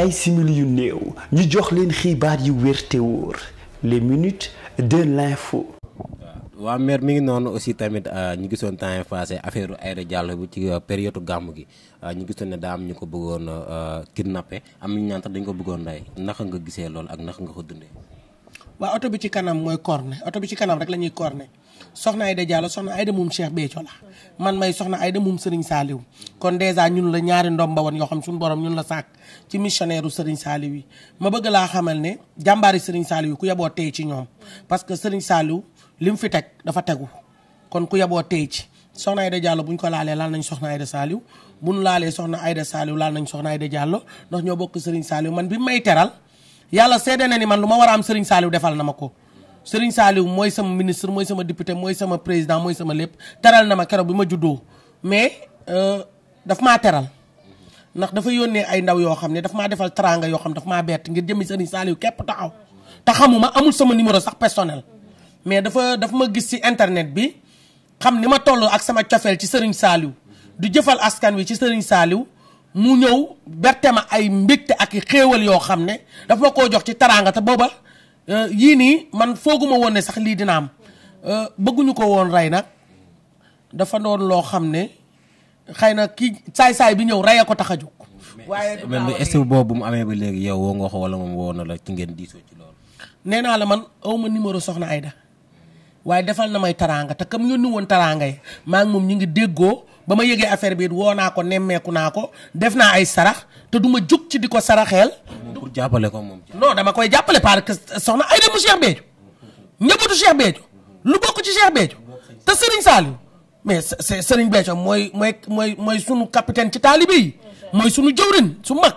ay simili yu néew ñu jox leen xibaar yu wér te wóor les minutes de l'info. waa maire mi ngi noonu aussi tamit euh, ñu gisoon temps yii passé affaire Aïda Diallo bu ci euh, période gàmm gi euh, ñu gisoon ne daa am ñu ko bëggoon kidnappé am ñu ñaan dañ ko bëggoon rey naka nga gisee loolu ak naka nga ko dundee. waa oto bi ci kanam mooy corne oto bi ci kanam rek la ñuy corne soxna Aida Diallo soxna Aida moom Cheikh Béthio la man may soxna Aida moom Serigne Saliou kon dèjà ñun la ñaari ndomba woon yoo xam suñu borom ñun la sàkk ci missionnaire u Serigne Saliou yi ma bëgg laa xamal ne jàmbaari Serigne Saliou ku yeboo tey ci ñoom parce que Serigne Saliou li mu fi teg dafa tegu kon ku yeboo tey ci soxna Aida Diallo buñ ko laalee laal nañ soxna Aida Saliou buñ laalee soxna Aida Saliou laal nañ soxna Aida Diallo ndox ñoo bokk Serigne Saliou man bi may teral yàlla seede na ni man lu ma war a am Serigne Saliou defal na ma ko Serigne saaliw mooy sama ministre mooy sama député mooy sama président mooy sama lépp teral na ma keroog bi ma juddoo mais euh, daf maa teral ndax dafa yónnee ay ndaw yoo xam ne daf maa defal teraanga yoo xam daf maa bett ngir jëmi Serigne Saliou kepp taxaw te xamuma amul sama numéro sax personnel mais dafa dafa ma gis ci internet bi xam ni ma toll ak sama cofeel ci Serigne saaliw du jëfal askan wi ci Serigne saaliw mu ñëw berte ma ay mbégte ak i xéewal yoo xam ne dafa ko jox ci taraanga booba euh, yii nii man fooguma woon ne sax lii dina am euh, bëgguñu ko woon rey nag dafa doon loo xam ne xay na kii saay-saay bi ñëw reye ko tax a jóg waaye même mu amee ba léegi yow woo nga wala moom woo na la ci ngeen diisoo ci nee naa la man awma numéro soxna Aida waaye defal na may taraanga te kam yónni woon taraanga yi maa ngi moom ñu ngi déggoo ba ma yëgee affaire bi woo naa ko nemmeeku naa ko def naa ay sarax te duma ma ci di ko saraxeel. pour jàppale ko moom. non dama koy jàppale parce que soxna ay dem mu Cheikh Béthio njabootu Cheikh Béthio lu bokk ci Cheikh Béthio te Serigne Saliou mais Serigne Béthio mooy mooy mooy mooy sunu capitaine ci taalibe yi mooy sunu jëwrin su mag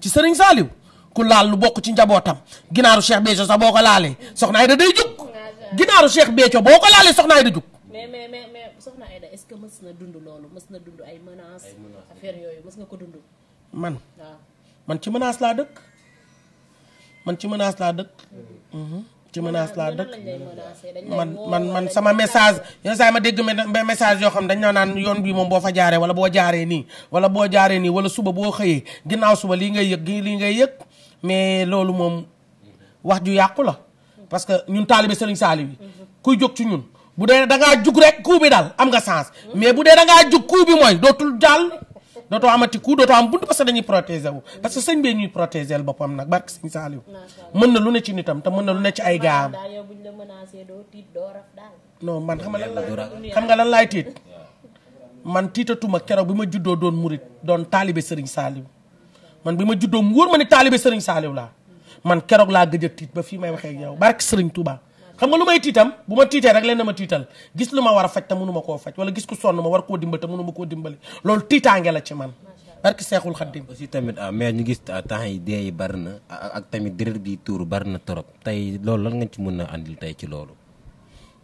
ci Serigne Saliou ku laal lu bokk ci njabootam ginaaru Cheikh Béthio sax boo ko laalee soxna ay da day jug ginaaru Cheikh Béthio boo ko laalee soxna ay da jug. mais mais mais mais soxna Aida est-ce que mës na dund loolu mës ay menaces. ay menaces affaire nga ko dund. man waaw man ci menace laa dëkk man ci menace laa dëkk. Mhm. ci menace laa dëkk man man man sama message yenn saa yi ma dégg message yoo xam ne dañ na naan yoon bii moom boo fa jaaree wala boo jaaree nii wala boo jaaree nii wala suba boo xëyee ginnaaw suba lii ngay yëg lii ngay yëg mais loolu moom wax ju yàqu la parce que ñun taalibe Serigne Saliou bi kuy jóg ci ñun. bu dee da ngaa jug rek coup bi daal am nga sens mais bu dee da ngaa jug coup bi mooy dootul daal dootoo amati coup dootoo am bunt parce que dañuy protéger wu. parce que sëñ bee ñuy protéger boppam nag barke sëñ Saliou. mën na lu ne ci nitam te mën na ne ci ay gaam. non man xam nga lan laay xam nga lan laay tiit man tiitatuma keroog bi ma juddoo doon murit doon taalibe sëriñ Saliou man bi ma juddoo mu wóor ma ni taalibe sëriñ Saliou laa man keroog laa gëj tiit ba fii may waxee ak yow barke sëriñ Touba. xam nga lu may tiitam bu ma tiitee rek leen na ma tiital gis lu ma war a faj te mënuma koo faj wala gis ku sonn ma war koo dimbali te mënuma koo dimbali loolu tiitaange la ci man barki seexul xaddim aussi tamit ah, mais ñu gis ah, temps yi dee yi bari na ah, ak tamit deret bi tuur bari na trop tey loolu lan nga ci mën a indil tey ci loolu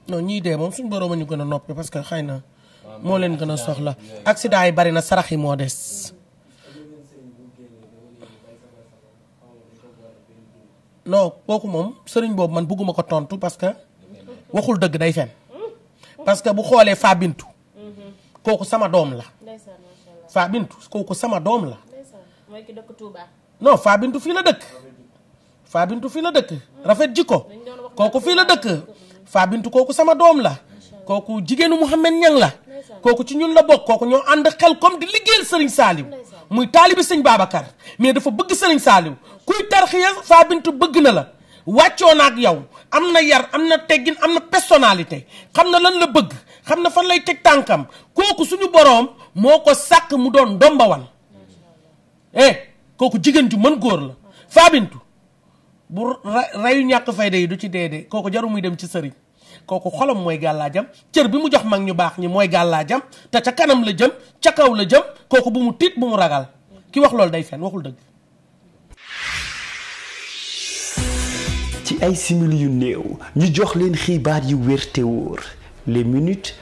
non ñii dee moom suñu borooma ñu gën a noppe parce que xay na moo leen gën a soxla accident yi bari na sarax yi moo des non kooku moom sëriñ boobu man bugguma ko tontu parce que waxul dëgg day fen parce que bu xoolee Fa Bintu kooku sama doom la Fa Bintu sama doom la mooy ki dëkk Touba Bintu fii la dëkk faa Bintu fii la dëkk rafet jikko kooku fii la dëkk Fa Bintu kooku sama doom la kooku jigéenu Mouhamed Niang la kooku ci ñun la bokk kooku ñoo ànd xel comme di liggéeyal sëriñ Salim muy taalibi sëñ Babacar mais dafa bëgg sëriñ Saaliw kuy tarxiya faa bintu bëgg na la wàccoon ak yow am na yar am na teggin am na personnalité xam na lan la bëgg xam na fan lay teg tànkam kooku suñu boroom moo ko sàkk mu doon ndombawal eh kooku jigéen ju mën góor la faa bintu bu rayu ñàkk fayda yi du ci dee dee kooku jaru muy dem ci sëriñ kooku xolom mooy gàllaajam cër bi mu jox mag ñu baax ñi mooy gàllaajam te ca kanam la jëm ca kaw la jëm kooku bu mu tiit bu mu ragal ki wax loolu day fen waxul dëgg. ci ay simili yu néew ñu jox leen xibaar yu wér te wóor les minutes